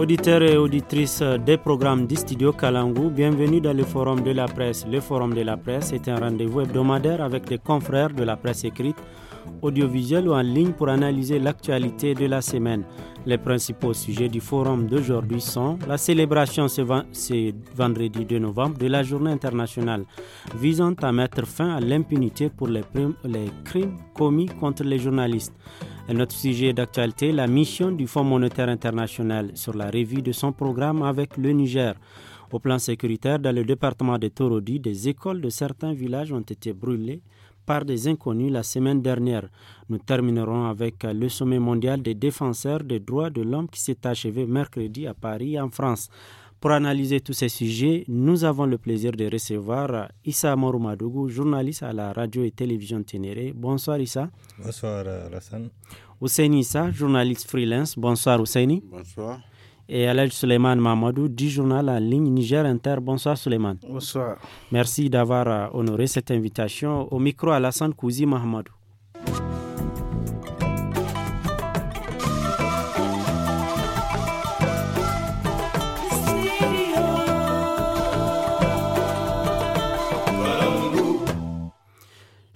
Auditeurs et auditrices des programmes du studio Kalangou, bienvenue dans le Forum de la presse. Le Forum de la presse est un rendez-vous hebdomadaire avec les confrères de la presse écrite, audiovisuelle ou en ligne pour analyser l'actualité de la semaine. Les principaux sujets du forum d'aujourd'hui sont la célébration ce, vendredi 2 novembre de la journée internationale visant à mettre fin à l'impunité pour les crimes commis contre les journalistes notre sujet d'actualité, la mission du Fonds monétaire international sur la revue de son programme avec le Niger. Au plan sécuritaire, dans le département de Torodi, des écoles de certains villages ont été brûlées par des inconnus la semaine dernière. Nous terminerons avec le sommet mondial des défenseurs des droits de l'homme qui s'est achevé mercredi à Paris en France. Pour analyser tous ces sujets, nous avons le plaisir de recevoir euh, Issa Morumadougou, journaliste à la radio et télévision Ténéré. Bonsoir Issa. Bonsoir Hassan. Euh, Ousseini Issa, journaliste freelance. Bonsoir Ousseini. Bonsoir. Et Alej Suleiman Mamadou du journal en ligne Niger Inter. Bonsoir Suleiman. Bonsoir. Merci d'avoir euh, honoré cette invitation. Au micro Alassane Kouzi Mahamadou.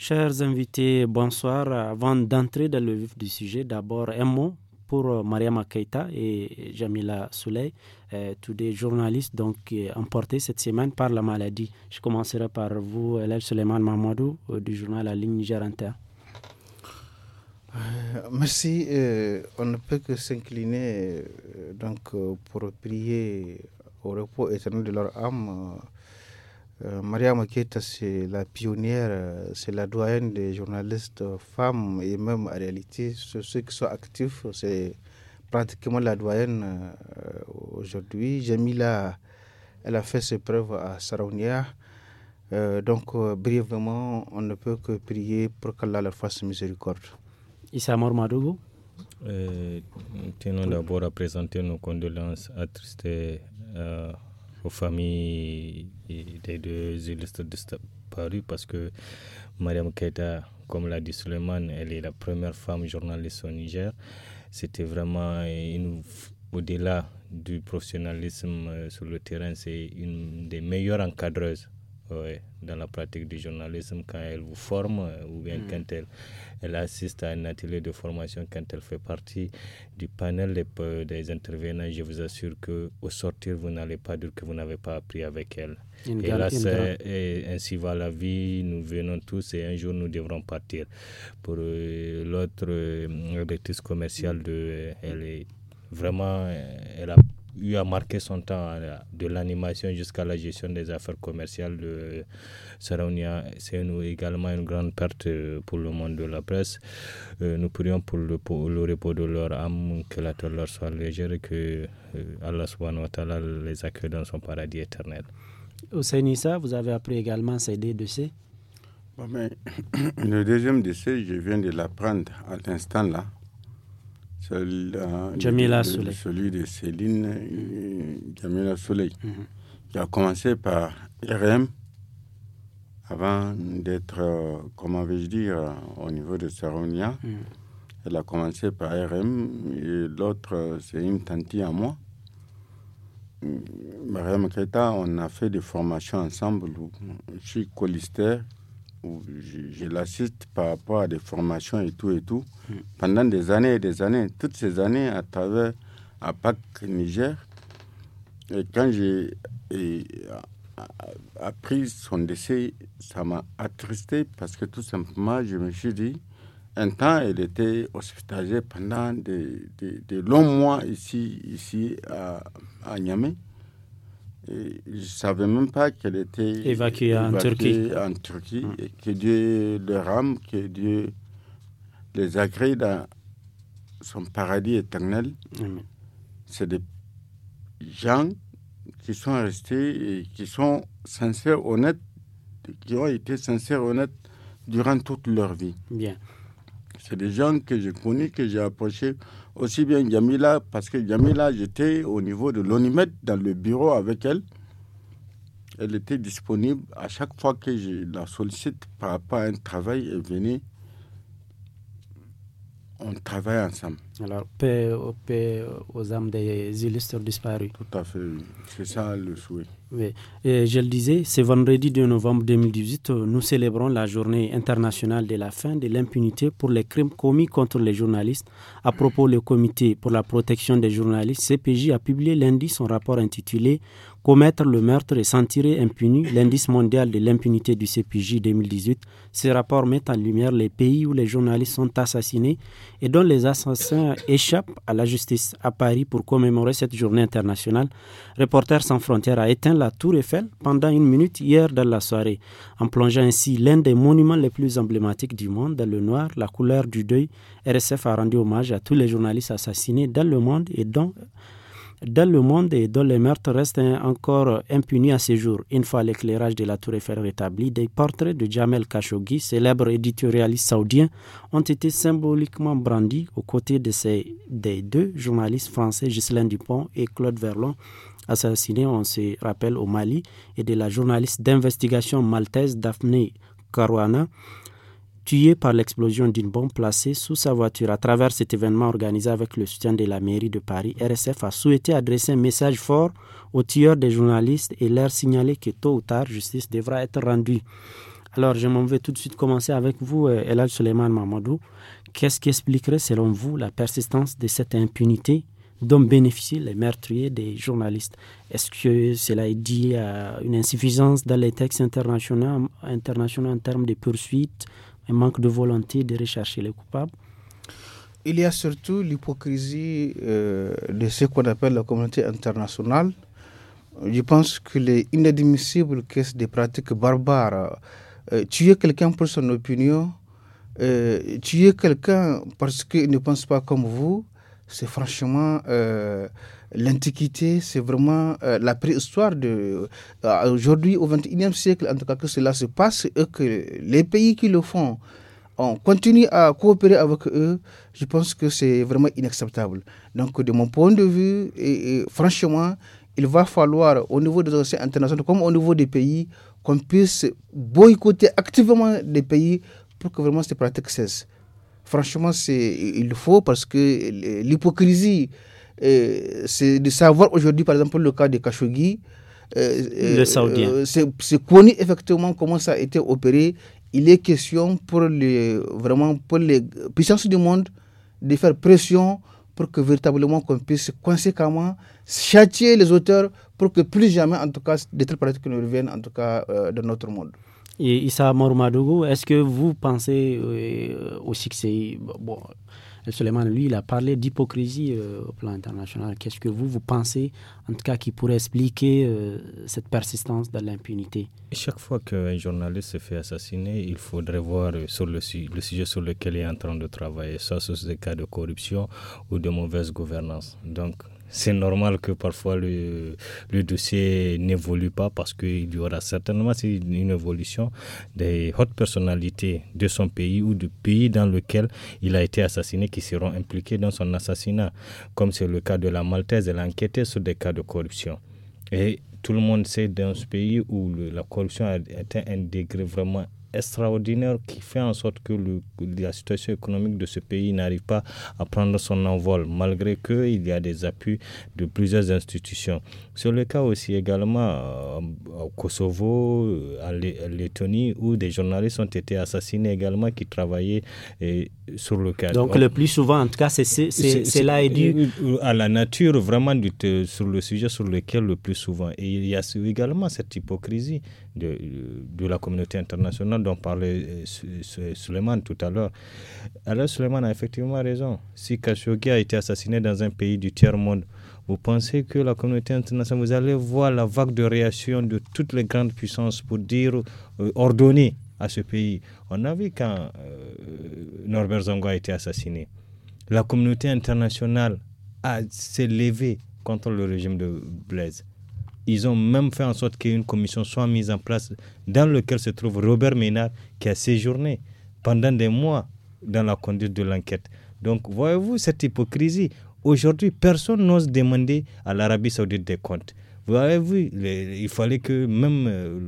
Chers invités, bonsoir. Avant d'entrer dans le vif du sujet, d'abord un mot pour euh, Mariama Keita et Jamila Souley, euh, tous des journalistes donc emportés cette semaine par la maladie. Je commencerai par vous, euh, Elève Suleiman Mamadou, du journal La Ligne Niger Merci. on ne peut que s'incliner donc pour prier au repos éternel de leur âme euh, Maria Maketa, c'est la pionnière, euh, c'est la doyenne des journalistes femmes et même en réalité, ceux, qui sont actifs, c'est pratiquement la doyenne J'ai euh, aujourd'hui. Jamila, elle a fait ses preuves à Saraunia. donc, brièvement, on ne peut que prier pour qu'Allah leur fasse miséricorde. Issa Mormadougou Tenons d'abord à présenter nos condoléances attristées aux familles des deux illustres disparus parce que Mariam Keita, comme l'a dit Suleiman, elle est la première femme journaliste au Niger. C'était vraiment une au-delà du professionnalisme euh, sur le terrain, c'est une des meilleures encadreuses dans la pratique du journalisme quand elle vous forme euh, ou bien mm. quand elle, elle, assiste à un atelier de formation, quand elle fait partie du panel des, intervenants, je vous assure que au sortir, vous n'allez pas dire que vous n'avez pas appris avec elle. et là, et ainsi va la vie, nous venons tous et un jour nous devrons partir. Pour euh, l'autre euh, directrice commerciale, de, elle est vraiment, elle a il a marqué son temps de l'animation jusqu'à la gestion des affaires commerciales de Saraunia. C'est également une grande perte euh, pour le monde de la presse. Euh, nous prions pour le, repos de leur âme, que la douleur soit légère et que euh, Allah subhanahu wa les accueille dans son paradis éternel. Au ça, vous avez appris également ces deux décès Le deuxième décès, je viens de l'apprendre à l'instant là celui de, celui de Céline euh, Jamila Soleil, qui mhm. a commencé par RM avant d'être, euh, comment vais-je dire, euh, au niveau de Saronia. Mhm. Elle a commencé par RM et l'autre, c'est une tante à moi. Mariam Keta, on a fait des formations ensemble. Je suis colistère où je, l'assiste par rapport à des formations et tout et tout, pendant des années et des années, toutes ces années à travers à Pâques Niger. Et quand j'ai appris son décès, ça m'a attristé parce que tout simplement, je me suis dit, un temps, il était hospitalisé pendant des, longs mois ici, ici à Niamey je savais même pas qu'elle était évacuée, en Turquie. En Turquie mm. et que Dieu les rame, que Dieu les agrée dans son paradis éternel. C'est des gens qui sont restés et qui sont sincères, honnêtes, qui ont été sincères, honnêtes durant toute leur vie. Bien. C'est des gens que j'ai connus, que j'ai approchés aussi bien Jamila, parce que Jamila, j'étais au niveau de l'ONIMED dans le bureau avec elle. Elle était disponible à chaque fois que je la sollicite par rapport à un travail, et venait. On travaille ensemble. Alors, paix, aux âmes des illustres disparus. Tout à fait, c'est ça le souhait. Oui, je le disais, ce vendredi 2 novembre 2018, nous célébrons la journée internationale de la fin de l'impunité pour les crimes commis contre les journalistes. À propos, le Comité pour la protection des journalistes, CPJ, a publié lundi son rapport intitulé Commettre le meurtre et s'en tirer impuni, l'indice mondial de l'impunité du CPJ 2018. Ce rapport met en lumière les pays où les journalistes sont assassinés et dont les assassins euh, échappe à la justice. À Paris, pour commémorer cette journée internationale, Reporters sans frontières a éteint la tour Eiffel pendant une minute hier dans la soirée, en plongeant ainsi l'un des monuments les plus emblématiques du monde dans le noir, la couleur du deuil. RSF a rendu hommage à tous les journalistes assassinés dans le monde et dont dans le monde et dont les meurtres restent encore impunis à ce jour. Une fois l'éclairage de la Tour Eiffel rétabli, des portraits de Jamel Khashoggi, célèbre éditorialiste saoudien, ont été symboliquement brandis aux côtés de ces, des deux journalistes français, Ghislain Dupont et Claude Verlon, assassinés, on se rappelle, au Mali, et de la journaliste d'investigation maltaise Daphne Caruana, tué par l'explosion d'une bombe placée sous sa voiture. À travers cet événement organisé avec le soutien de la mairie de Paris, RSF a souhaité adresser un message fort aux tueurs des journalistes et leur signaler que tôt ou tard, justice devra être rendue. Alors, je m'en vais tout de suite commencer avec vous, euh, Elal Soleiman Mamadou. Qu'est-ce qui expliquerait, selon vous, la persistance de cette impunité dont bénéficient les meurtriers des journalistes. Est-ce que cela est dit à une insuffisance dans les textes internationaux, internationaux en termes de poursuites, un manque de volonté de rechercher les coupables. Il y a surtout l'hypocrisie euh, de ce qu'on appelle la communauté internationale. Je pense qu'il est inadmissible que des pratiques barbares, euh, tuer quelqu'un pour son opinion, euh, tuer quelqu'un parce qu'il ne pense pas comme vous, c'est franchement euh, l'Antiquité, c'est vraiment euh, la préhistoire de euh, aujourd'hui au XXIe siècle, en tout cas que cela se passe et que les pays qui le font, continuent continue à coopérer avec eux, je pense que c'est vraiment inacceptable. Donc de mon point de vue, et, franchement, il va falloir au niveau des organisations internationales comme au niveau des pays qu'on puisse boycotter activement les pays pour que vraiment ces pratiques cessent. Franchement, il faut parce que l'hypocrisie, euh, c'est de savoir aujourd'hui, par exemple, le cas de Khashoggi. Euh, le euh, c'est connu effectivement comment ça a été opéré. Il est question pour les, vraiment pour les puissances du monde de faire pression pour que véritablement qu'on puisse conséquemment châtier les auteurs pour que plus jamais, en tout cas, des telles pratiques ne reviennent, en tout cas, dans notre monde. Et Issa Mormadougou, est-ce que vous pensez aussi que c'est... bon, Suleiman, lui, il a parlé d'hypocrisie euh, au plan international. Qu'est-ce que vous, vous pensez, en tout cas, qui pourrait expliquer euh, cette persistance de l'impunité Chaque fois qu'un journaliste se fait assassiner, il faudrait voir euh, sur le, le, sujet sur lequel il est en train de travailler, soit sur des cas de corruption ou de mauvaise gouvernance. Donc, c'est normal que parfois le, le dossier n'évolue pas parce qu'il y aura certainement une évolution des hautes personnalités de son pays ou du pays dans lequel il a été assassiné qui seront impliqués dans son assassinat, comme c'est le cas de la Maltaise. et a sur des cas de corruption. Et tout le monde sait dans ce pays où la corruption a atteint un degré vraiment extraordinaire qui fait en sorte que, la situation économique de ce pays n'arrive pas à prendre son envol, malgré qu'il y a des appuis de plusieurs institutions. C'est le cas aussi également euh, au Kosovo, euh, à Lettonie, où des journalistes ont été assassinés également qui travaillaient sur le cas. Donc, le plus souvent, en tout cas, c'est cela est dû euh, à la nature vraiment du, sur le sujet sur lequel le plus souvent. Et il y a également cette hypocrisie de, de, la communauté internationale dont parlait euh, Suleiman tout à l'heure. Alors Suleiman a effectivement raison. Si Khashoggi a été assassiné dans un pays du tiers-monde, vous pensez que la communauté internationale, vous allez voir la vague de réaction de toutes les grandes puissances pour dire, euh, ordonner à ce pays. On a vu quand euh, Norbert Zongo a été assassiné. La communauté internationale s'est levée contre le régime de Blaise. Ils ont même fait en sorte qu'une commission soit mise en place dans laquelle se trouve Robert Ménard qui a séjourné pendant des mois dans la conduite de l'enquête. Donc voyez-vous cette hypocrisie. Aujourd'hui, personne n'ose demander à l'Arabie saoudite des comptes. Vous avez vu, il fallait que même euh,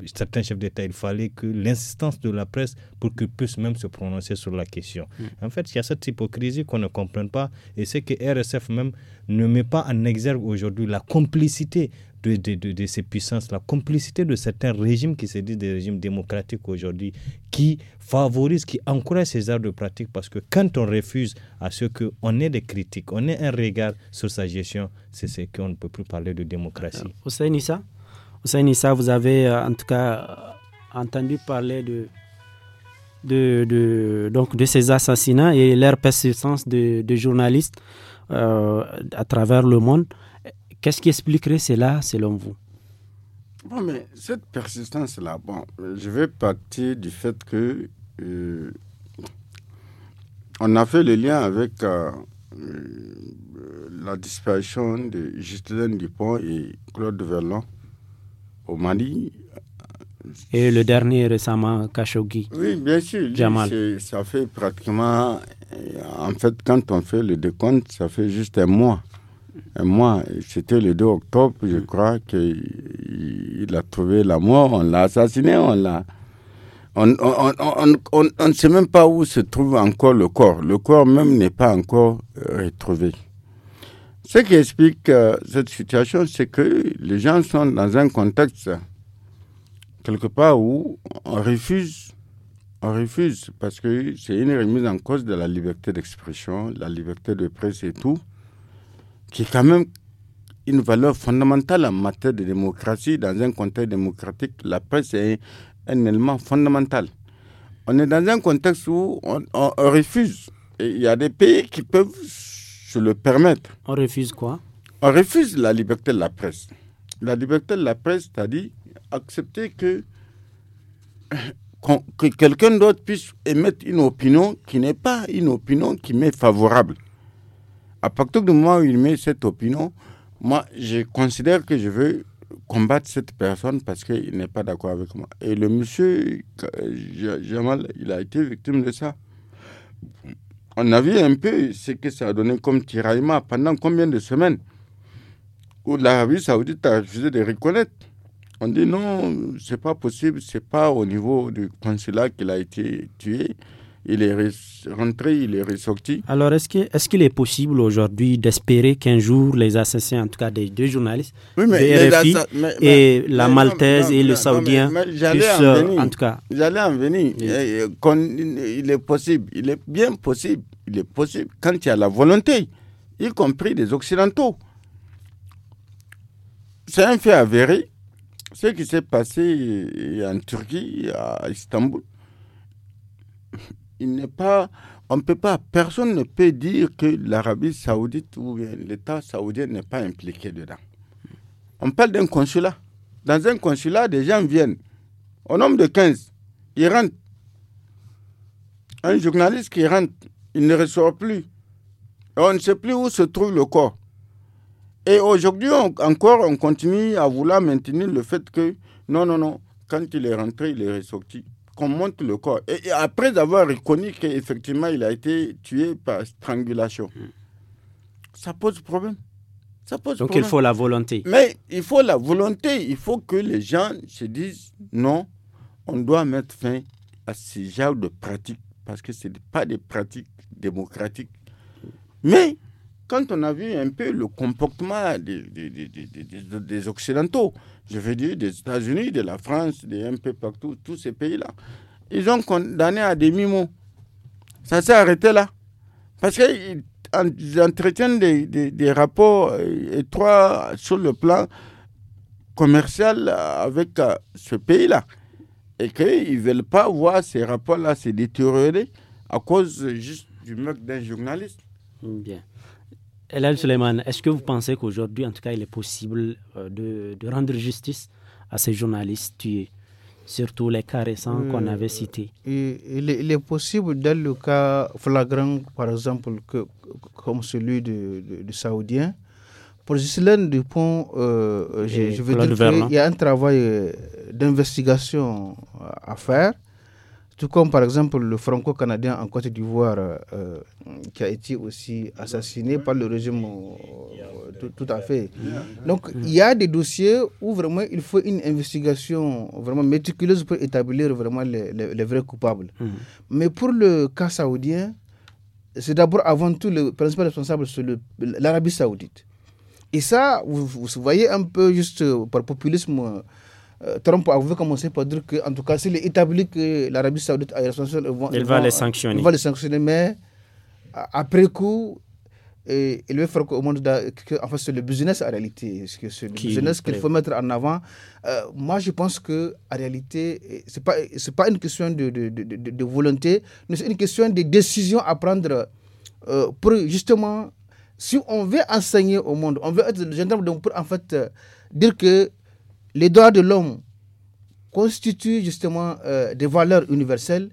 le, certains chefs d'État, il fallait que l'insistance de la presse pour qu'ils puissent même se prononcer sur la question. Mm. En fait, il y a cette hypocrisie qu'on ne comprend pas et c'est que RSF même ne met pas en exergue aujourd'hui la complicité de, ces puissances, la complicité de certains régimes qui se disent des régimes démocratiques aujourd'hui, qui favorisent, qui encouragent ces arts de pratique parce que quand on refuse à ce on ait des critiques, on ait un regard sur sa gestion, c'est ce qu'on ne peut plus parler de démocratie. Euh, Hussein Issa, vous avez euh, en tout cas euh, entendu parler de donc de ces assassinats et leur persistance de, journalistes à travers le monde. Qu'est-ce qui expliquerait cela selon vous Bon, mais cette persistance-là, bon, je vais partir du fait que euh, on a fait le lien avec euh, la disparition de Justin Dupont et Claude Verlon au Mali. Et le dernier récemment, Khashoggi. Oui, bien sûr. ça fait pratiquement. En fait, quand on fait le décompte, ça fait juste un mois moi, c'était le 2 octobre, je mm. crois qu'il a trouvé la mort, on l'a assassiné, on l'a... On ne sait même pas où se trouve encore le corps. Le corps même n'est pas encore euh, retrouvé. Ce qui explique euh, cette situation, c'est que les gens sont dans un contexte quelque part où on refuse, on refuse parce que c'est une remise en cause de la liberté d'expression, la liberté de presse et tout qui est quand même une valeur fondamentale en matière de démocratie. Dans un contexte démocratique, la presse est un élément fondamental. On est dans un contexte où on, refuse. il y a des pays qui peuvent se le permettre. On refuse quoi On refuse la liberté de la presse. La liberté de la presse, c'est-à-dire accepter que quelqu'un d'autre puisse émettre une opinion qui n'est pas une opinion qui m'est favorable. À partir du moment où il met cette opinion, moi, je considère que je veux combattre cette personne parce qu'il n'est pas d'accord avec moi. Et le monsieur, euh, Jamal, il a été victime de ça. On a vu un peu ce que ça a donné comme tiraillement pendant combien de semaines où l'Arabie saoudite a refusé de reconnaître. On dit non, c'est pas possible, c'est pas au niveau du consulat qu'il a été tué il est rentré, il est ressorti. Alors, est-ce qu'il est, qu'il est, possible aujourd'hui d'espérer qu'un jour les assassins, en tout cas des deux journalistes, et la Maltaise et le Saoudien, puissent, en, euh, en, tout cas. J'allais en venir. il est possible, il est bien possible, il est possible quand il y a la volonté, y compris des Occidentaux. C'est un fait avéré. Ce qui s'est passé en Turquie, à Istanbul, il n'est pas, on peut pas, personne ne peut dire que l'Arabie saoudite ou l'État saoudien n'est pas impliqué dedans. On parle d'un consulat. Dans un consulat, des gens viennent. Au nombre de 15, ils rentrent. Un journaliste qui rentre, il ne ressort plus. on ne sait plus où se trouve le corps. Et aujourd'hui encore, on continue à vouloir maintenir le fait que non, non, non, quand il est rentré, il est ressorti qu'on monte le corps. Et, après avoir reconnu qu'effectivement, il a été tué par strangulation, hmm. ça pose problème. Ça pose Donc il faut la volonté. Mais il faut la volonté. Il faut que les gens se disent non, on doit mettre fin à ce genre de pratiques parce que ce n'est pas des pratiques démocratiques. Mais quand on a vu un peu le comportement des, Occidentaux, je veux dire des États-Unis, de la France, de un peu partout, tous ces pays-là, ils ont condamné à demi-mot. Ça s'est arrêté là. Parce qu'ils entretiennent des, rapports euh, étroits sur le plan commercial euh, avec euh, ce pays-là. Et qu'ils ne veulent pas voir ces rapports-là se détériorer à cause juste du meurtre d'un journaliste. Bien. Elal Suleiman, est-ce que vous pensez qu'aujourd'hui, en tout cas, il est possible euh, de, rendre justice à ces journalistes tués surtout les cas récents hmm. qu'on avait cités. Il, il, est possible, dans le cas flagrant, par exemple, comme celui du, Saoudien, pour Ghislaine Dupont, euh, je, je veux dire qu'il y a un travail euh, d'investigation à faire. Tout comme par exemple le franco-canadien en Côte d'Ivoire euh, qui a été aussi assassiné par le régime euh, tout, à fait. Donc il y a des dossiers où vraiment il faut une investigation vraiment méticuleuse pour établir vraiment les, les, vrais coupables. Mhm. Mais pour le cas saoudien, c'est d'abord avant tout le principal responsable, c'est l'Arabie saoudite. Et ça, vous, vous, voyez un peu juste euh, par populisme euh, Trump voulu commencé par dire que, en tout cas, s'il est établi que l'Arabie Saoudite a il va les sanctionner. Il va les sanctionner, mais euh, après coup, il va faire au monde que, en fait, c'est le business en réalité, c'est le business qu'il faut mettre en avant. Euh, moi, je pense que en réalité, c'est pas c'est pas une question de, de, de, volonté, mais c'est une question de décision à prendre pour justement, si on veut enseigner au monde, on veut être le gendarme, donc pour en fait dire que les droits de l'homme constituent justement euh, des valeurs universelles,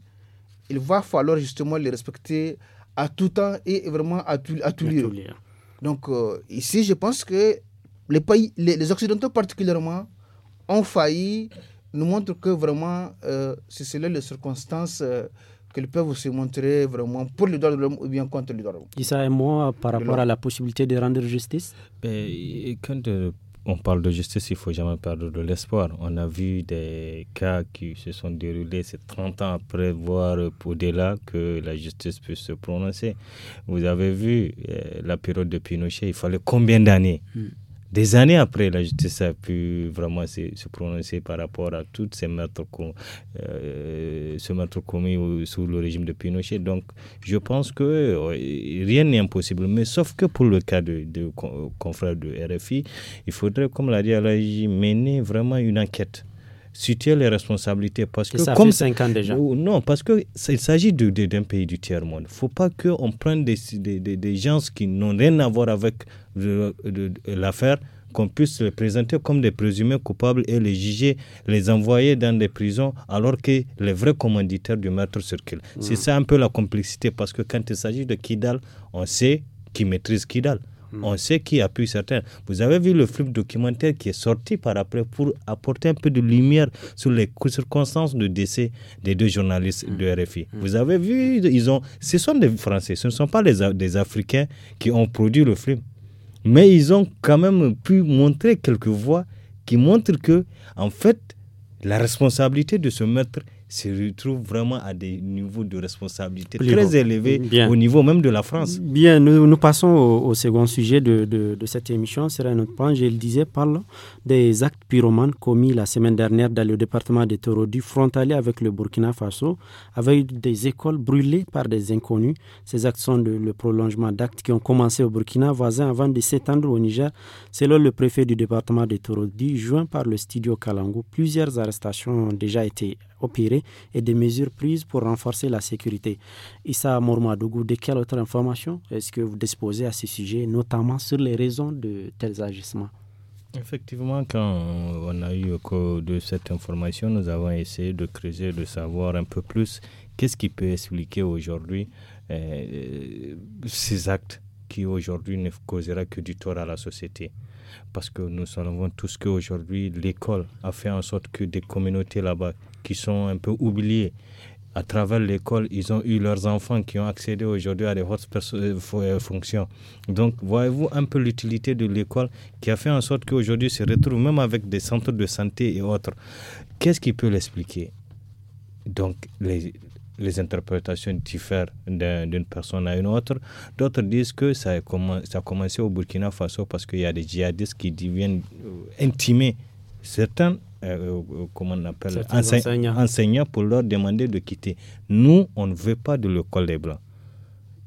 il va falloir justement les respecter à tout temps et vraiment à tout, à tout lieu. Donc euh, ici, je pense que les pays, les, Occidentaux particulièrement, ont failli nous montrent que vraiment, euh, c'est cela les circonstances qu'ils peuvent se montrer vraiment pour les droits de l'homme ou bien contre les droits de l'homme. ça et moi, par rapport à la possibilité de rendre justice ben, Quand on parle de justice, il faut jamais perdre de l'espoir. On a vu des cas qui se sont déroulés, c'est 30 ans après, voire au-delà, que la justice puisse se prononcer. Vous avez vu euh, la période de Pinochet, il fallait combien d'années hmm des années après, la justice a pu vraiment se, prononcer par rapport à toutes ces meurtres, euh, ce commis sous le régime de Pinochet. Donc, je pense que euh, rien n'est impossible. Mais sauf que pour le cas de, de euh, confrères de RFI, il faudrait, comme l'a dit Alagi, mener vraiment une enquête situer les responsabilités. Parce que ça comme, fait ans déjà. Non, parce qu'il s'agit d'un de, pays du tiers-monde. Il ne faut pas qu'on prenne des, des, des, gens qui n'ont rien à voir avec l'affaire qu'on puisse les présenter comme des présumés coupables et les juger, les envoyer dans des prisons, alors que les vrais commanditaires du meurtre circulent. C'est hmm. ça un peu la complexité, parce que quand il s'agit de Kidal, on sait qui maîtrise Kidal. On hmm. sait qui pu certains. Vous avez vu le film documentaire qui est sorti par après pour apporter un peu de lumière sur les circonstances de décès des deux journalistes hmm. de RFI. Hmm. Vous avez vu, ils ont, ce sont des Français, ce ne sont pas des Africains qui ont produit le film. Mais ils ont quand même pu montrer quelques voix qui montrent que, en fait, la responsabilité de ce meurtre se retrouvent vraiment à des niveaux de responsabilité très élevés, au niveau même de la France. Bien, nous, passons au, second sujet de, cette émission. C'est notre point, je le disais, parle des actes pyromanes commis la semaine dernière dans le département de Torodi, frontalier avec le Burkina Faso, avec des écoles brûlées par des inconnus. Ces actes sont le prolongement d'actes qui ont commencé au Burkina voisin avant de s'étendre au Niger. Selon le préfet du département de Torodi, juin par le studio Kalango, plusieurs arrestations ont déjà été opérées et des mesures prises pour renforcer la sécurité. Issa Mourmadougou, de quelle autre information est-ce que vous disposez à ce sujet, notamment sur les raisons de tels agissements Effectivement, quand on a eu cours de cette information, nous avons essayé de creuser, de savoir un peu plus qu'est-ce qui peut expliquer aujourd'hui euh, ces actes qui aujourd'hui ne causera que du tort à la société parce que nous savons tous qu'aujourd'hui, l'école a fait en sorte que des communautés là-bas qui sont un peu oubliées, à travers l'école, ils ont eu leurs enfants qui ont accédé aujourd'hui à des hautes euh, euh, fonctions. Donc, voyez-vous un peu l'utilité de l'école qui a fait en sorte qu'aujourd'hui se retrouve même avec des centres de santé et autres. Qu'est-ce qui peut l'expliquer Donc, les, les interprétations diffèrent d'une personne à une autre. D'autres disent que ça a, commencé, ça commencé au Burkina Faso parce qu'il y a des djihadistes qui deviennent euh, intimés. Certains euh, euh, comment on appelle, enseignants. pour leur demander de quitter. Nous, on ne veut pas de l'école des Blancs.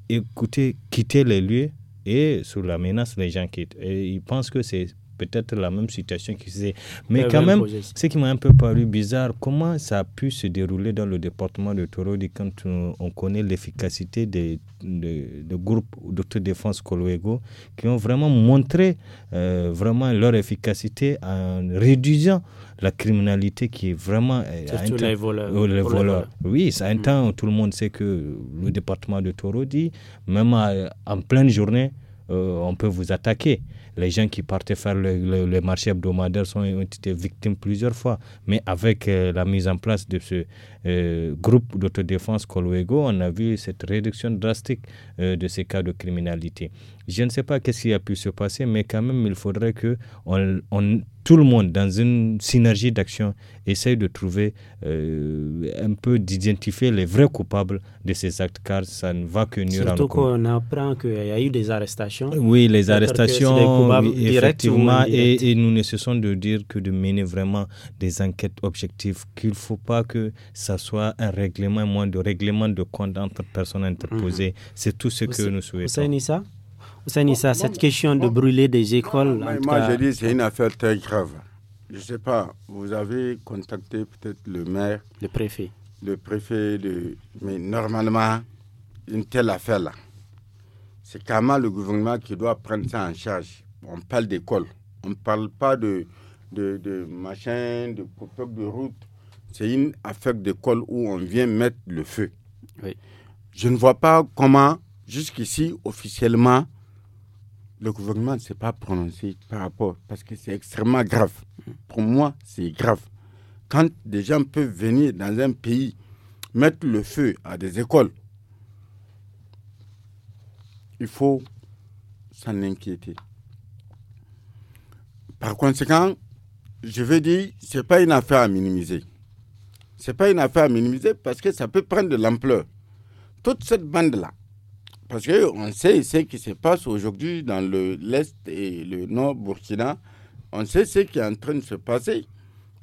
Écoutez, quitter les lieux et sous la menace, les gens quittent. Et ils pensent que c'est peut-être la même situation qu'ils faisaient. Mais quand même, ce qui m'a un peu paru bizarre, comment ça a pu se dérouler dans le département de Torodi quand on connaît l'efficacité des, groupes groupes d'autodéfense Coloego qui ont vraiment montré euh, vraiment leur efficacité en réduisant la criminalité qui est vraiment... Euh, Surtout oh, les, voleurs. Oui, c'est un mm. temps où tout le monde sait que le département de Torodi, même en pleine journée, euh, on peut vous attaquer les gens qui partaient faire le, marché hebdomadaire sont, ont été victimes plusieurs fois. Mais avec euh, la mise en place de ce euh, groupe d'autodéfense Colwego, on a vu cette réduction drastique euh, de ces cas de criminalité. Je ne sais pas ce qui a pu se passer, mais quand même, il faudrait que tout le monde, dans une synergie d'action, essaye de trouver un peu d'identifier les vrais coupables de ces actes, car ça ne va que nuire Surtout qu'on apprend qu'il y a eu des arrestations. Oui, les arrestations, et, nous ne cessons de dire que de mener vraiment des enquêtes objectives, qu'il ne faut pas que ça soit un règlement, moins de règlement de compte entre personnes interposées. Mhm. C'est tout ce que nous souhaitons. Nissa Nissa, cette question de brûler des écoles. Moi, je dis c'est une affaire très grave. Je ne sais pas, vous avez contacté peut-être le maire. Le préfet. Le préfet, de mais normalement, une telle affaire-là, c'est même le gouvernement qui doit prendre ça en charge on parle d'école. On ne parle pas de, de, de machin, de peuple de route. C'est une affaire d'école où on vient mettre le feu. Je ne vois pas comment, jusqu'ici, officiellement, le gouvernement ne s'est pas prononcé par rapport, parce que c'est extrêmement grave. Pour moi, c'est grave. Quand des gens peuvent venir dans un pays, mettre le feu à des écoles, il faut s'en inquiéter. Par conséquent, je veux dire, ce n'est pas une affaire à minimiser. Ce n'est pas une affaire à minimiser parce que ça peut prendre de l'ampleur. Toute cette bande-là, parce qu'on sait ce qui se passe aujourd'hui dans l'Est et le Nord Burkina, on sait ce qui est en train de se passer,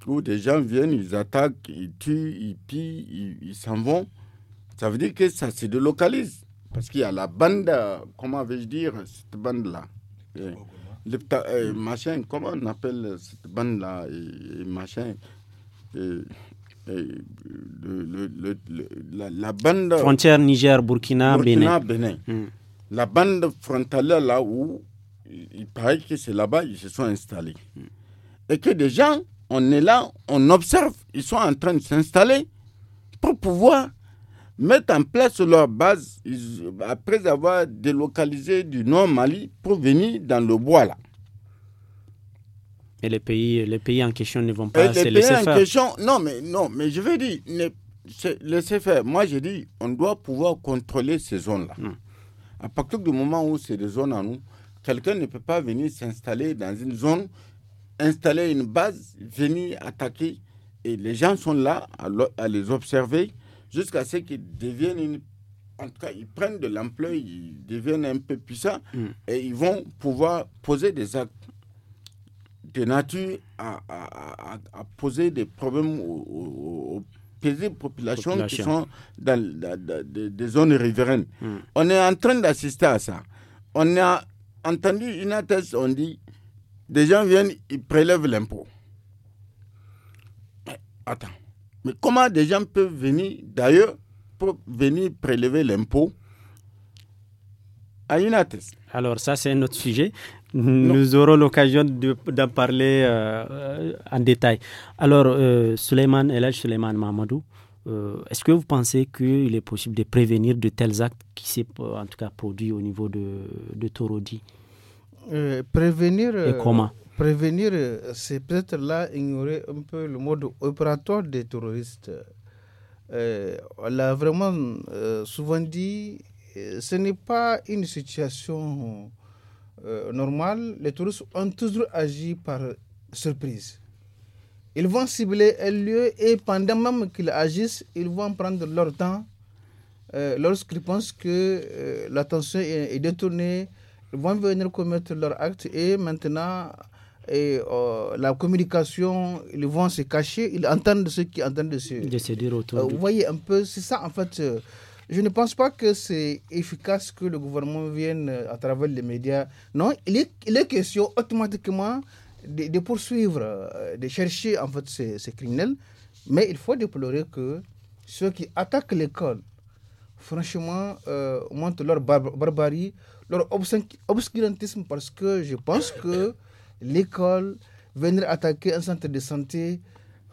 où des gens viennent, ils attaquent, ils tuent, ils pillent, ils s'en vont. Ça veut dire que ça se délocalise, parce qu'il y a la bande, comment vais-je dire, cette bande-là. Euh, machin, comment on appelle cette bande-là la, bande. Frontière Niger, Burkina, Bénin. Hmm. La bande frontalière là où il paraît que c'est là-bas ils se sont installés. Et que des gens, on est là, on observe, ils sont en train de s'installer pour pouvoir mettent en place leur base après avoir délocalisé du nord Mali pour venir dans le bois là. Et les pays, les pays en question ne vont pas les pays faire. En question, non, mais, non, mais je veux dire, laisser faire. Moi, je dis, on doit pouvoir contrôler ces zones-là. Hmm. À partir du moment où c'est des zones à nous, quelqu'un ne peut pas venir s'installer dans une zone, installer une base, venir attaquer. Et les gens sont là à les observer jusqu'à ce qu'ils deviennent une en tout cas, ils prennent de l'ampleur, ils deviennent un peu puissants mm. et ils vont pouvoir poser des actes de nature à, poser des problèmes aux, aux, populations qui sont dans, des zones riveraines. Mm. On est en train d'assister à ça. On a entendu une atteste, on dit, des gens viennent, ils prélèvent l'impôt. Attends, mais comment des gens peuvent venir d'ailleurs pour venir prélever l'impôt à une Alors ça, c'est un autre sujet. Nous aurons l'occasion d'en parler euh, euh, en détail. Alors, euh, Suleiman, Elage Suleiman Mamadou, euh, est-ce que vous pensez qu'il est possible de prévenir de tels actes qui s'est en tout cas produits au niveau de, de Torodi Prévenir. Et comment prévenir euh, c'est peut-être là ignorer un peu le mode opératoire des terroristes. Euh, on l'a vraiment euh, souvent dit, ce n'est pas une situation normale. Les terroristes ont toujours agi par surprise. Ils vont cibler un lieu et pendant même qu'ils agissent, ils vont prendre leur temps. Lorsqu'ils pensent que l'attention est détournée, ils vont venir commettre leur acte et maintenant et euh, la communication, ils vont se cacher, ils entendent ce qui entendent de se, euh, vous voyez un peu, c'est ça en fait. Euh, je ne pense pas que c'est efficace que le gouvernement vienne à travers les médias. Non, il est, question automatiquement de, poursuivre, de chercher en fait ces, ces, criminels. Mais il faut déplorer que ceux qui attaquent l'école, franchement, montrent leur barbarie, leur obscurantisme, parce que je pense que l'école, venir attaquer un centre de santé,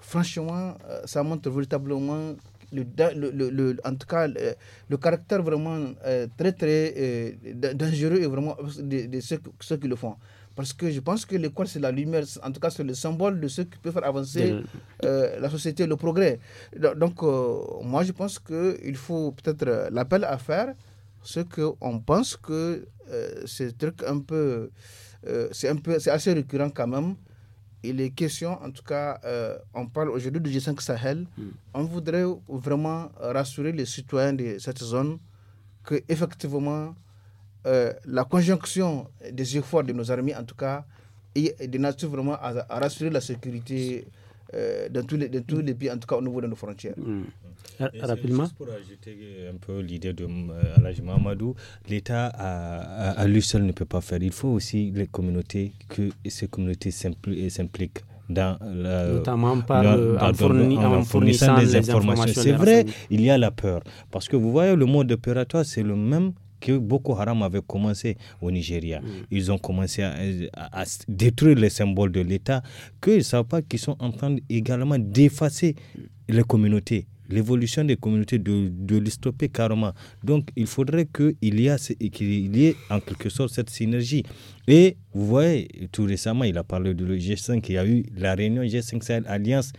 franchement, euh, ça montre véritablement, le, le, en tout cas, le, caractère vraiment euh, très, très euh, dangereux et vraiment de, ceux, qui le font. Parce que je pense que l'école, c'est la lumière, en tout cas, c'est le symbole de ce qui peut faire avancer la société, le progrès. Donc, moi, je pense qu'il faut peut-être l'appel à faire, ce qu'on pense que c'est un truc un peu euh, c'est un peu, c'est assez récurrent quand même. Il est question, en tout cas, euh, on parle aujourd'hui du G5 Sahel. Mm. On voudrait vraiment rassurer les citoyens de cette zone que effectivement euh, la conjonction des efforts de nos armées, en tout cas, est de nature vraiment à rassurer la sécurité euh, dans, tous les, dans tous les pays, en tout cas au niveau de nos frontières. Mm. Ah, rapidement. Juste pour ajouter un peu l'idée de euh, Alaj Mamadou, l'État à, lui seul ne peut pas faire. Il faut aussi les communautés, que ces communautés euh, s'impliquent. Dans Notamment par le, en, fournissant, fournissant des informations. C'est vrai, il y a la peur. Parce que vous voyez, le mode opératoire, c'est le même que Boko Haram avait commencé au Nigeria. Mm. Ils ont commencé à, à, détruire les symboles de l'État, qu'ils ne savent pas qu'ils sont en train également d'effacer les communautés l'évolution des communautés, de, de stopper carrément. Donc, il faudrait qu'il y, y ait en quelque sorte cette synergie. Et vous voyez, tout récemment, il a parlé de G5, il y a eu la réunion G5 Sahel, Alliance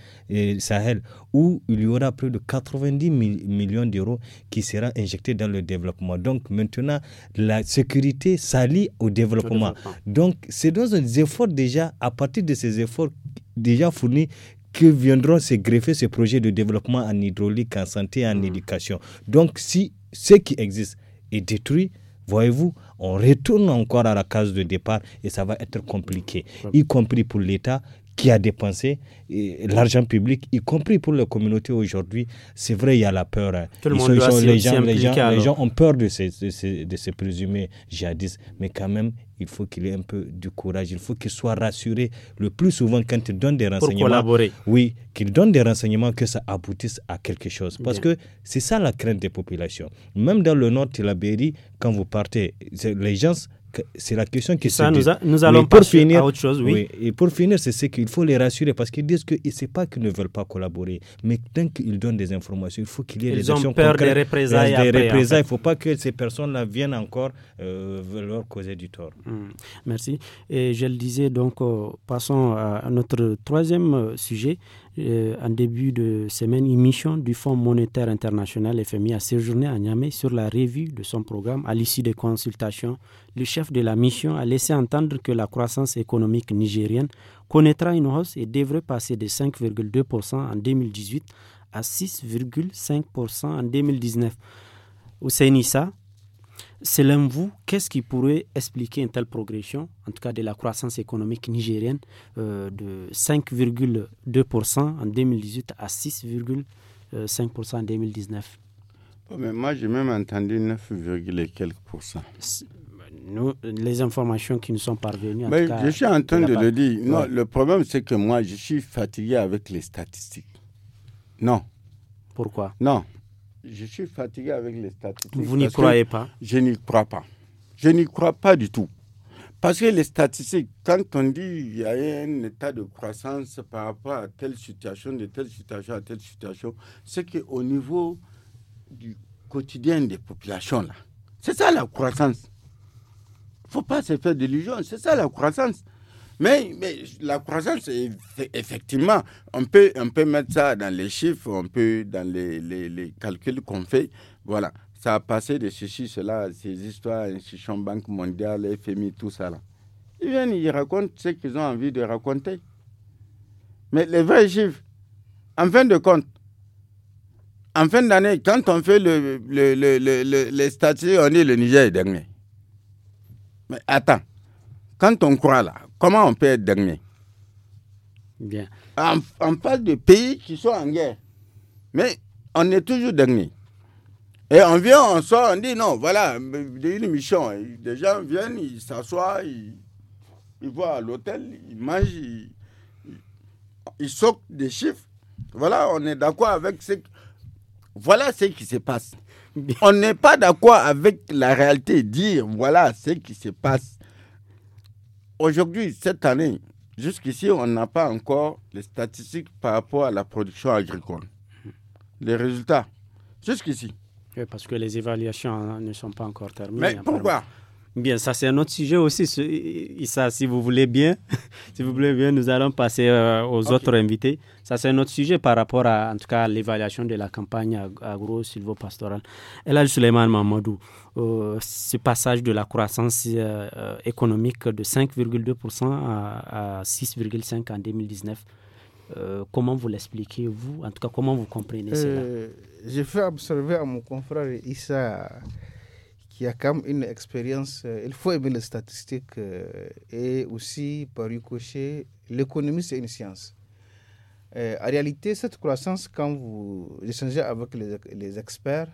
Sahel, où il y aura plus de 90 millions d'euros qui sera injectés dans le développement. Donc maintenant, la sécurité s'allie au développement. Donc c'est dans un effort déjà, à partir de ces efforts déjà fournis, que viendront se greffer ces projets de développement en hydraulique, en santé, en hmm. éducation. Donc, si ce qui existe est détruit, voyez-vous, on retourne encore à la case de départ et ça va être compliqué, hmm. y compris pour l'État qui a dépensé l'argent public, y compris pour les communautés aujourd'hui. C'est vrai, il y a la peur. Hein. Tout le monde les, gens, les, gens, ont peur de ces, de ces, présumés djihadistes, mais quand même, il faut qu'il ait un peu du courage, il faut qu'il soit rassuré le plus souvent quand il donne des renseignements. Pour collaborer. Oui, qu'il donne des renseignements que ça aboutisse à quelque chose. Parce que c'est ça la crainte des populations. Même dans le nord de la Béry, quand vous partez, les gens c'est la question qui se nous, nous allons à autre chose, oui. et pour finir, c'est ce qu'il faut les rassurer parce qu'ils disent que ce pas qu'ils ne veulent pas collaborer, mais tant qu'ils donnent des informations, il faut qu'il y ait des actions concrètes. des représailles. Il ne faut pas que ces personnes-là viennent encore euh, leur causer du tort. Hmm. Merci. Et je le disais, donc, euh, passons à notre troisième euh, sujet, euh, en début de semaine une mission du Fonds monétaire international FMI a séjourné à Niamey sur la revue de son programme. À l'issue des consultations, le chef de la mission a laissé entendre que la croissance économique nigérienne connaîtra une hausse et devrait passer de 5,2% en 2018 à 6,5% en 2019. au Selon vous, qu'est-ce qui pourrait expliquer une telle progression, en tout cas de la croissance économique nigérienne, euh, de 5,2% en 2018 à 6,5% en 2019 mais Moi, j'ai même entendu 9, quelques pourcents. Nous, les informations qui nous sont parvenues. je suis en train de, le dire. Le problème, c'est que moi, je suis fatigué avec les statistiques. Non. Pourquoi Non je suis fatigué avec les statistiques. Vous n'y croyez pas Je n'y crois pas. Je n'y crois pas du tout. Parce que les statistiques, quand on dit qu'il y a un état de croissance par rapport à telle situation, de telle situation à telle situation, c'est qu'au niveau du quotidien des populations, là, c'est ça la croissance. Il ne faut pas se faire d'illusions, c'est ça la croissance. Mais, la croissance, effectivement, on peut, on mettre ça dans les chiffres, on peut dans les, calculs qu'on fait. Voilà, ça a passé de ceci, cela, ces histoires, institutions, Banque mondiale, FMI, tout ça là. Ils viennent, ils racontent ce qu'ils ont envie de raconter. Mais les vrais chiffres, en fin de compte, en fin d'année, quand on fait le, le, le, les statuts, on est le Niger est dernier. Mais attends, quand on croit là, Comment on peut être dernier Bien. On, parle de pays qui sont en guerre, mais on est toujours dernier. Et on vient, on sort, on dit non, voilà, une mission. Des gens viennent, ils s'assoient, ils, voient à l'hôtel, ils mangent, ils, ils des chiffres. Voilà, on est d'accord avec ce. Voilà ce qui se passe. On n'est pas d'accord avec la réalité, dire voilà ce qui se passe. Aujourd'hui, cette année, jusqu'ici, on n'a pas encore les statistiques par rapport à la production agricole. Les résultats, jusqu'ici. Oui, parce que les évaluations ne sont pas encore terminées. Mais pourquoi Bien, ça c'est un autre sujet aussi, ça, si vous voulez bien, si vous voulez bien, nous allons passer euh, aux autres invités. Ça c'est un autre sujet par rapport à, en tout cas, l'évaluation de la campagne agro-silvopastorale. Et là, Suleiman Mamadou, euh, ce passage de la croissance euh, économique de 5,2% à, 6,5% en 2019, comment vous l'expliquez, vous En tout cas, comment vous comprenez cela J'ai fait observer à mon confrère Issa y a quand même une expérience, euh, il faut aimer les statistiques euh, et aussi, par cocher l'économie, c'est une science. Euh, en réalité, cette croissance, quand vous échangez avec les, experts,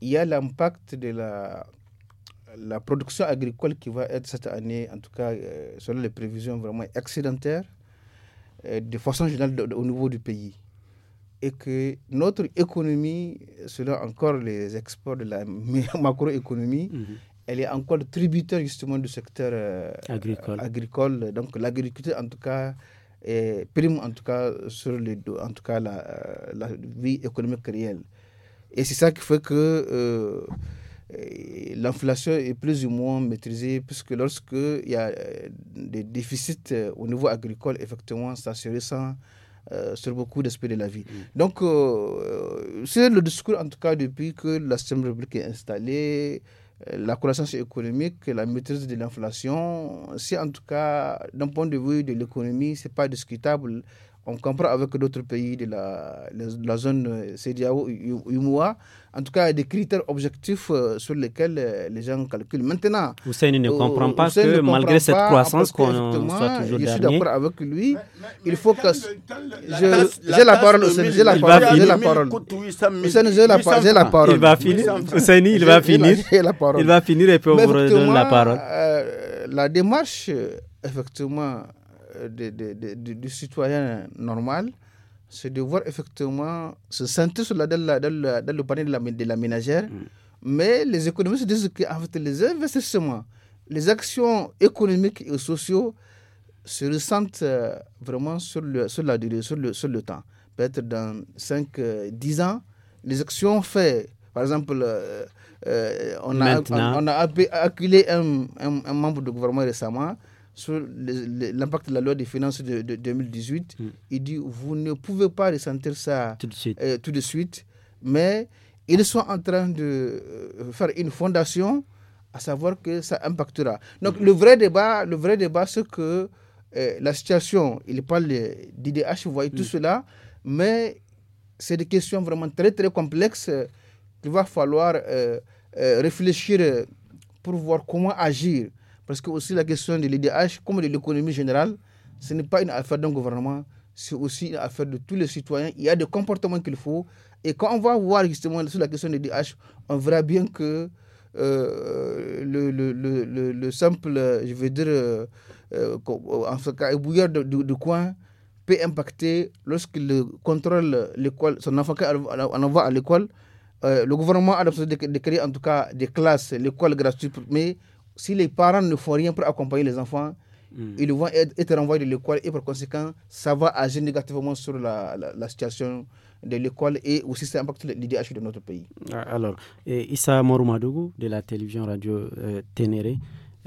il y a l'impact de la, la production agricole qui va être cette année, en tout cas, selon les prévisions vraiment excédentaires, de façon générale au niveau du pays et que notre économie, selon encore les exports de la macroéconomie, mhm. elle est encore tributaire justement du secteur euh, agricole. agricole. Donc l'agriculture, en tout cas, est prime en tout cas sur les, en tout cas euh, la, vie économique réelle. Et c'est ça qui fait que euh, l'inflation est plus ou moins maîtrisée, puisque lorsqu'il y a des déficits au niveau agricole, effectivement, ça se ressent euh, sur beaucoup d'aspects de la vie. Mm. Donc, euh, c'est le discours, en tout cas, depuis que la 7e république est installée, euh, la croissance économique, la maîtrise de l'inflation, c'est en tout cas, d'un point de vue de l'économie, ce n'est pas discutable on comprend avec d'autres pays de la, de la zone euh, CDAO, UMOA. En tout cas, des critères objectifs euh, sur lesquels euh, les gens calculent. Maintenant, Hussein ne comprend pas que malgré cette croissance qu'on soit toujours Je suis d'accord avec lui. il faut que... J'ai la parole, Hussein. J'ai la parole. J'ai la la, parole. Il va finir. il va finir. Il va finir et puis on vous redonne la parole. la démarche, effectivement, euh, de, du citoyen normal, c'est de voir effectivement se sentir sur la, dans, le panier de la, ménagère. Mm. Mais les économistes disent en fait, les investissements, les actions économiques et sociaux se ressentent euh, vraiment sur, le, sur la durée, sur le, le temps. Peut-être dans 5-10 euh, ans, les actions faites, par exemple, on, a, on, a acculé un, un, un membre du gouvernement récemment sur l'impact de la loi des finances de, 2018. Mm. Il dit, vous ne pouvez pas ressentir ça tout de suite, euh, tout de suite mais ils sont en train de euh, faire une fondation, à savoir que ça impactera. Donc mm. le vrai débat, le vrai débat, c'est que euh, la situation, il parle d'IDH, vous voyez tout mm. cela, mais c'est des questions vraiment très très complexes qu'il va falloir réfléchir pour voir comment agir. Parce que aussi la question de l'EDH comme de l'économie générale, ce n'est pas une affaire d'un gouvernement, c'est aussi une affaire de tous les citoyens. Il y a des comportements qu'il faut. Et quand on va voir justement sur la question de l'EDH on verra bien que euh, le, simple, je veux dire, euh, euh, en fait, cas de, de, de, coin peut impacter lorsqu'il contrôle l'école, son enfant en envoie à l'école. le gouvernement a l'option créer en tout cas des classes, l'école gratuite, mais si les parents ne font rien pour accompagner les enfants, hmm. ils vont être, renvoyés de l'école et par conséquent, ça va agir négativement sur la, situation de l'école et aussi ça impacte l'IDH de notre pays. Ah, alors, Issa Morumadougou de la télévision radio euh, Ténéré,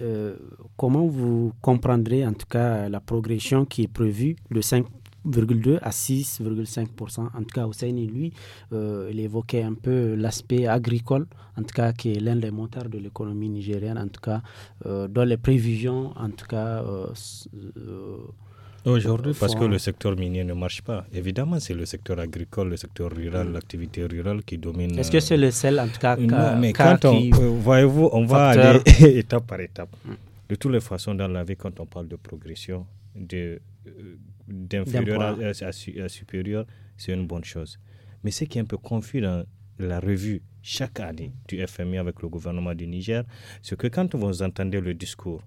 euh, comment vous comprendrez en tout cas la progression qui est prévue le 5 ,2 à 6,5%. En tout cas, et lui, euh, il évoquait un peu l'aspect agricole, en tout cas, qui est l'un des moteurs de l'économie nigérienne, en tout cas, euh, dans les prévisions, en tout cas. Euh, Aujourd'hui, parce que le secteur minier ne marche pas. Évidemment, c'est le secteur agricole, le secteur rural, l'activité rurale qui domine. Est-ce que c'est le seul, en tout cas, mais quand on, voyez-vous, on va aller étape par étape. Mm. De toutes les façons, dans la vie, quand on parle de progression, de d'inférieur à, à, supérieur, c'est une bonne chose. Mais ce qui est un peu confus dans la revue chaque année du FMI avec le gouvernement du Niger, c'est que quand vous entendez le discours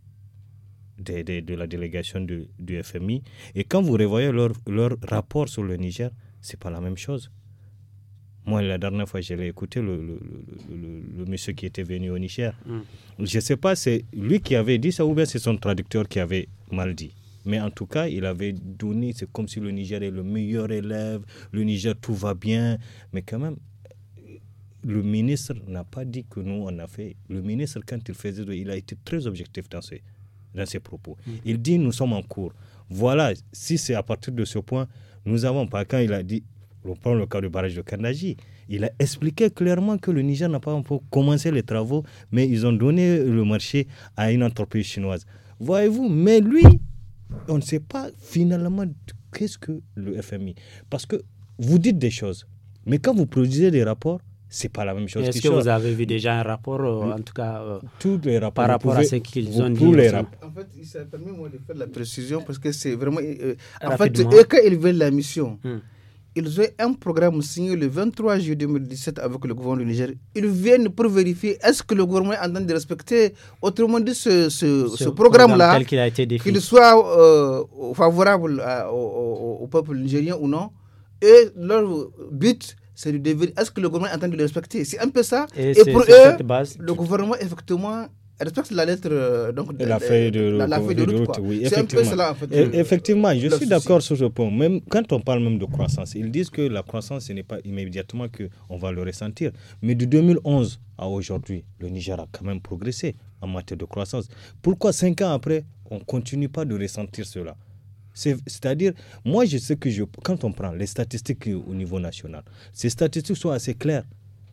de, de, la délégation du, du, FMI et quand vous revoyez leur, leur rapport sur le Niger, c'est pas la même chose. Moi, la dernière fois, j'ai écouté, le, le, le, monsieur qui était venu au Niger. Mm. Je ne sais pas, c'est lui qui avait dit ça ou bien c'est son traducteur qui avait mal dit. Mais en tout cas, il avait donné, c'est comme si le Niger est le meilleur élève, le Niger tout va bien. Mais quand même, le ministre n'a pas dit que nous, on a fait. Le ministre, quand il faisait, il a été très objectif dans ses, dans ses propos. Mm. Il dit, nous sommes en cours. Voilà, si c'est à partir de ce point, nous avons, par quand il a dit, on prend le cas du barrage de Kandaji, il a expliqué clairement que le Niger n'a pas encore commencé les travaux, mais ils ont donné le marché à une entreprise chinoise. Voyez-vous, mais lui, on ne sait pas finalement qu'est-ce que le FMI. Parce que vous dites des choses, mais quand vous produisez des rapports, c'est pas la même chose. Est-ce que vous avez vu déjà un rapport, euh, en tout cas, euh, tous les rapports, par rapport à ce qu'ils ont dit En fait, ça permis moi de faire la précision parce que c'est vraiment. Euh, en fait, eux, quand ils veulent la mission. Hmm ils ont un programme signé le 23 juillet 2017 avec le gouvernement du Niger. Ils viennent pour vérifier est-ce que le gouvernement est en train de respecter, autrement dit, ce, ce, programme-là, qu'il soit euh, favorable au, peuple nigérien ou non. Et leur but, c'est de vérifier est-ce que le gouvernement est en train de le respecter C'est un peu ça. Et, pour eux, le gouvernement, effectivement, respecte la lettre euh, la feuille de, route, oui, effectivement je suis d'accord sur ce point même quand on parle même de croissance ils disent que la croissance ce n'est pas immédiatement qu'on va le ressentir mais de 2011 à aujourd'hui le Niger a quand même progressé en matière de croissance pourquoi cinq ans après on ne continue pas de ressentir cela c'est-à-dire, moi, je sais que je, quand on prend les statistiques au niveau national, ces statistiques sont assez claires.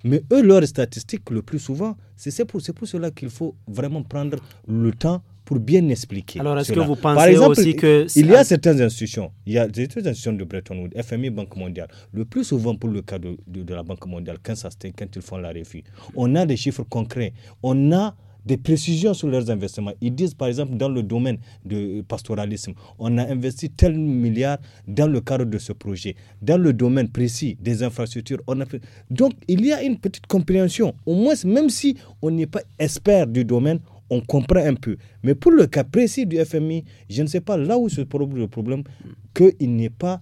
Mais eux, leurs statistiques, le plus souvent, c'est pour, pour cela qu'il faut vraiment prendre le temps pour bien expliquer. Alors, est-ce que vous pensez aussi que. Il y a certaines institutions, il y a des institutions de Bretton Woods, FMI, Banque mondiale. Le plus souvent, pour le cas de, de, la Banque mondiale, quand, ça, quand ils font la revue, on a des chiffres concrets, on a des précisions sur leurs investissements. Ils disent, par exemple, dans le domaine du euh, pastoralisme, on a investi tel milliard dans le cadre de ce projet. Dans le domaine précis des infrastructures, on a fait... Donc, il y a une petite compréhension. Au moins, même si on n'est pas expert du domaine, on comprend un peu. Mais pour le cas précis du FMI, je ne sais pas là où se pose le problème, qu'il n'y ait pas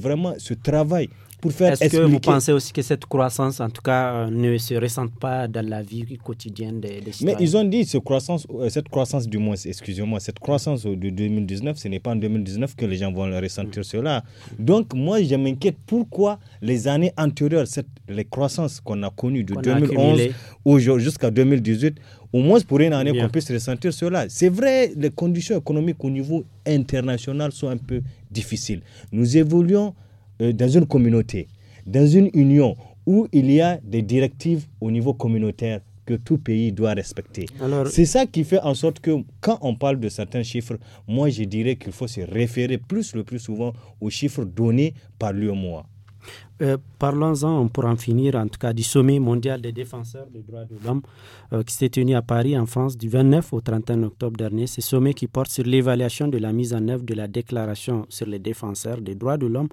vraiment ce travail est-ce que vous pensez aussi que cette croissance, en tout cas, euh, ne se ressente pas dans la vie quotidienne des, des Mais ils ont dit cette croissance, euh, cette croissance du moins, excusez-moi, cette croissance de 2019, ce n'est pas en 2019 que les gens vont ressentir mm. cela. Donc moi, je m'inquiète pourquoi les années antérieures, cette, les croissances qu'on a connues de 2011 jusqu'à 2018, au moins pour une année qu'on puisse ressentir cela. C'est vrai, les conditions économiques au niveau international sont un peu difficiles. Nous évoluons euh, dans une communauté, dans une union où il y a des directives au niveau communautaire que tout pays doit respecter. C'est ça qui fait en sorte que quand on parle de certains chiffres, moi je dirais qu'il faut se référer plus le plus souvent aux chiffres donnés par l'UMOA. Euh, Parlons-en pour en finir, en tout cas, du sommet mondial des défenseurs des droits de l'homme euh, qui s'est tenu à Paris, en France, du 29 au 31 octobre dernier. Ce sommet qui porte sur l'évaluation de la mise en œuvre de la déclaration sur les défenseurs des droits de l'homme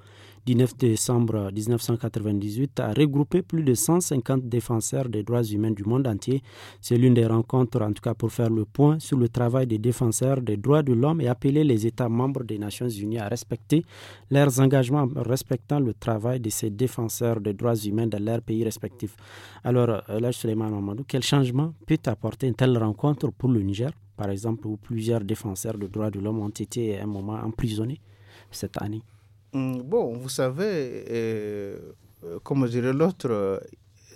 19 décembre 1998 a regroupé plus de 150 défenseurs des droits humains du monde entier. C'est l'une des rencontres, en tout cas pour faire le point sur le travail des défenseurs des droits de l'homme et appeler les États membres des Nations Unies à respecter leurs engagements respectant le travail de ces défenseurs des droits humains dans leurs pays respectifs. Alors, euh, là, Suleiman Mamadou, quel changement peut apporter une telle rencontre pour le Niger, par exemple, où plusieurs défenseurs des droits de l'homme ont été à un moment emprisonnés cette année Mm, bon, vous savez, euh, euh, comme dirait l'autre, euh,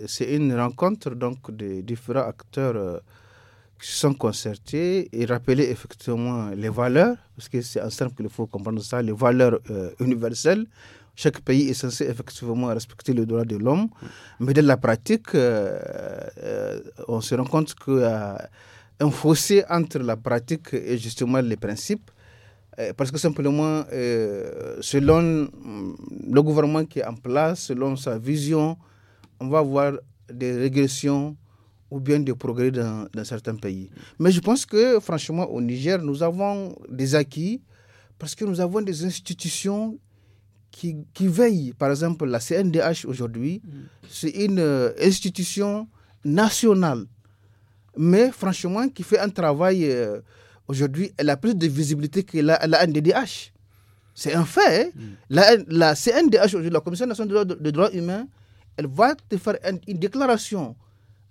c'est une rencontre donc des différents acteurs qui se sont concertés et rappeler effectivement les valeurs, parce que c'est ensemble qu'il faut comprendre ça, les valeurs universelles. Chaque pays est censé effectivement respecter les droits de l'homme, mais dans la pratique, on se rend compte qu'il y a un fossé entre la pratique et justement les principes. Euh, parce que simplement, euh, selon mm, le gouvernement qui est en place, selon sa vision, on va avoir des régressions ou bien des progrès dans, certains pays. Mais je pense que, franchement, au Niger, nous avons des acquis parce que nous avons des institutions qui, veillent. Par exemple, la CNDH aujourd'hui, mm. c'est une euh, institution nationale, mais franchement, qui fait un travail aujourd'hui, elle a plus de visibilité que la, la NDDH. C'est un fait. Hein. Mm. La, la, CNDH, la Commission nationale des droits de, droit humains, elle va te faire une, déclaration.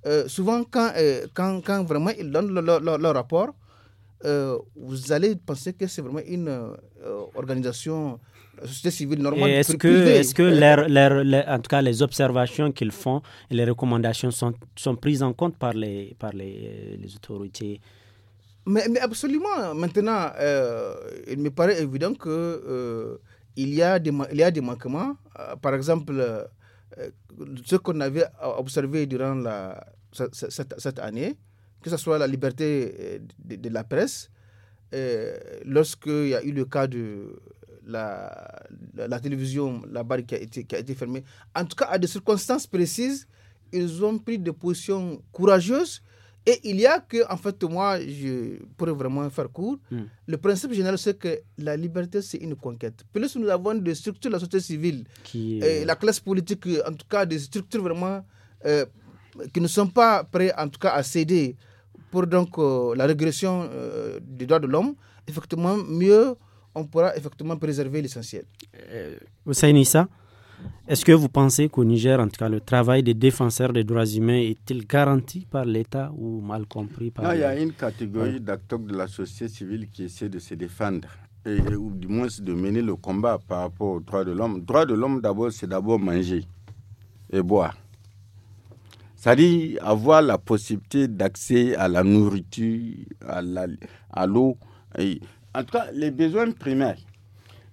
Euh, souvent, quand, euh, quand, quand, vraiment ils donnent leur, rapport, euh, vous allez penser que c'est vraiment une organisation société civile normale. Est-ce que, est -ce que en tout cas, les observations qu'ils font et les recommandations sont, sont prises en compte par les, par les, les autorités mais, absolument. Maintenant, euh, il me paraît évident que euh, il, y a des, il y a des manquements. Euh, par exemple, ce qu'on avait observé durant la, cette, cette, année, que ce soit la liberté de, la presse, lorsqu'il y a eu le cas de la, la, télévision, la barre qui a, été, qui a été fermée, en tout cas, à des circonstances précises, ils ont pris des positions courageuses et il y a que, en fait, moi, je, pourrais vraiment faire court, hmm. le principe général, c'est que la liberté, c'est une conquête. Plus nous avons des structures de la société civile, la classe politique, en tout cas, des structures vraiment euh, qui ne sont pas prêts, en tout cas, à céder pour donc euh, la régression euh, des droits de l'homme, effectivement, mieux on pourra effectivement préserver l'essentiel. Vous savez, Nissa est-ce que vous pensez qu'au Niger, en tout cas, le travail des défenseurs des droits humains est-il garanti par l'État ou mal compris par... l'État? il y a une catégorie d'acteurs de la société civile qui essaie de se défendre, ou du moins de mener le combat par rapport aux droits de l'homme. Droits de l'homme, d'abord, c'est d'abord manger et boire. C'est-à-dire avoir la possibilité d'accès à la nourriture, à l'eau, à en tout cas, les besoins primaires.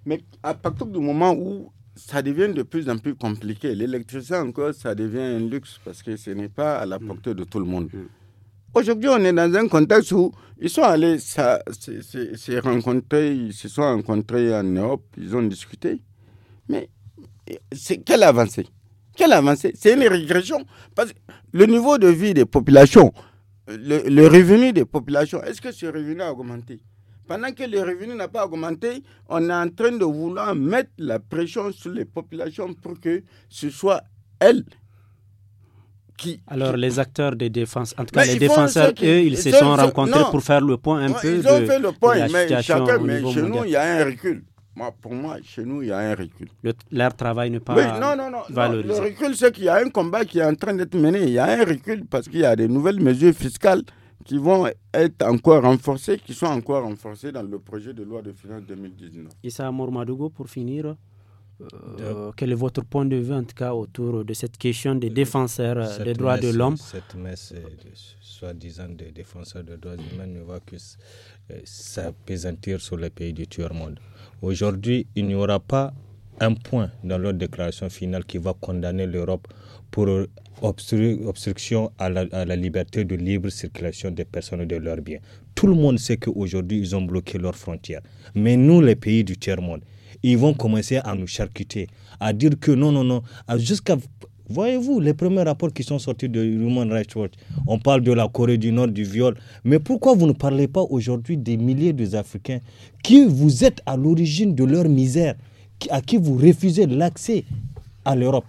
Mais à partir du moment où ça devient de plus en plus compliqué. L'électricité encore, ça devient un luxe parce que ce n'est pas à la mm. portée de tout le monde. Mm. Aujourd'hui, on est dans un contexte où ils sont allés se, rencontrer, ils se sont rencontrés en Europe, ils ont discuté. Mais c'est quelle avancée Quelle avancée C'est une régression. Parce que le niveau de vie des populations, le revenu des populations, est-ce que ce revenu a augmenté pendant que les revenus n'ont pas augmenté, on est en train de vouloir mettre la pression sur les populations pour que ce soit elles qui, Alors, les acteurs des défenses, en tout cas les défenseurs, eux, ils se sont rencontrés pour faire le point un peu. Ils ont fait le point, mais, chez nous, il y a un recul. pour moi, chez nous, il y a un recul. leur travail n'est pas oui, non, non, Non, le recul, c'est qu'il y a un combat qui est en train d'être mené. Il y a un recul parce qu'il y a des nouvelles mesures fiscales qui vont être encore renforcés, qui sont encore renforcés dans le projet de loi de finances 2019. Issa Madougo, pour finir, euh, quel est votre point de vue en tout cas autour de cette question des défenseurs euh, des droits de l'homme Cette messe, euh, soi-disant des défenseurs des droits humains, ne va que s'apesantir sur les pays du tiers-monde. Aujourd'hui, il n'y aura pas un point dans leur déclaration finale qui va condamner l'Europe pour obstruction à la, à la, liberté de libre circulation des personnes et de leurs biens. Tout le monde sait qu'aujourd'hui, ils ont bloqué leurs frontières. Mais nous, les pays du tiers-monde, ils vont commencer à nous charcuter, à dire que non, non, non, jusqu'à Voyez-vous, les premiers rapports qui sont sortis de Human Rights Watch, on parle de la Corée du Nord, du viol. Mais pourquoi vous ne parlez pas aujourd'hui des milliers d'Africains qui vous êtes à l'origine de leur misère à qui vous refusez l'accès à l'Europe.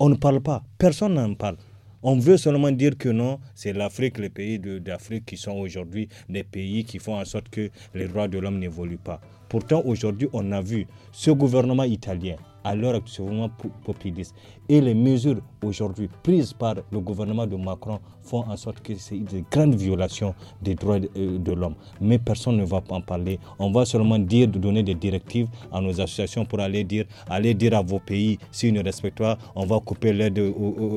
On ne parle pas, personne n'en parle. On veut seulement dire que non, c'est l'Afrique, les pays d'Afrique qui sont aujourd'hui des pays qui font en sorte que les droits de l'homme n'évoluent pas. Pourtant, aujourd'hui, on a vu ce gouvernement italien à l'heure actuellement populiste. Et les mesures aujourd'hui prises par le gouvernement de Macron font en sorte que c'est une grande violation des droits euh, de l'homme. Mais personne ne va en parler. On va seulement dire de donner des directives à nos associations pour aller dire, aller dire à vos pays, s'ils ne respectent pas, on va couper l'aide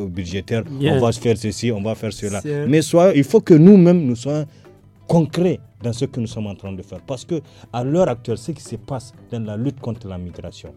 budgétaire, on va faire ceci, on va faire cela. Mais il faut que nous-mêmes, nous soyons concrets dans ce que nous sommes en train de faire. Parce qu'à l'heure actuelle, ce qui se passe dans la lutte contre la migration,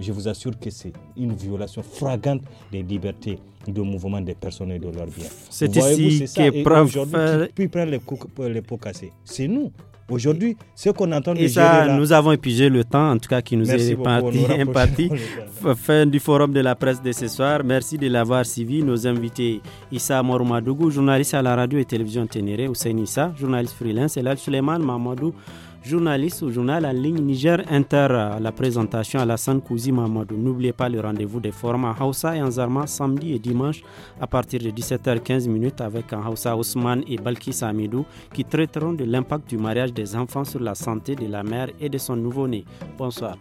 je vous assure que c'est une violation flagrante des libertés de mouvement des personnes et de leur biens. C'est ici que preuve. prendre les, euh, les pots cassés C'est nous. Aujourd'hui, ce qu'on entend de Et nous avons épuisé le temps, en tout cas, qui nous est parti, imparti. fin du forum de la presse de ce soir. Merci de l'avoir suivi. Nos invités, Issa Morumadougou, journaliste à la radio et télévision Ténéré, Hussein Issa, journaliste freelance, et Suleiman Mamadou journaliste au journal en ligne Niger Inter. La présentation à la Kouzi Mamadou. N'oubliez pas le rendez-vous des formats Hausa et Anzarma samedi et dimanche à partir de 17h15 avec en Ousmane et Balkis Samidou qui traiteront de l'impact du mariage des enfants sur la santé de la mère et de son nouveau-né. Bonsoir.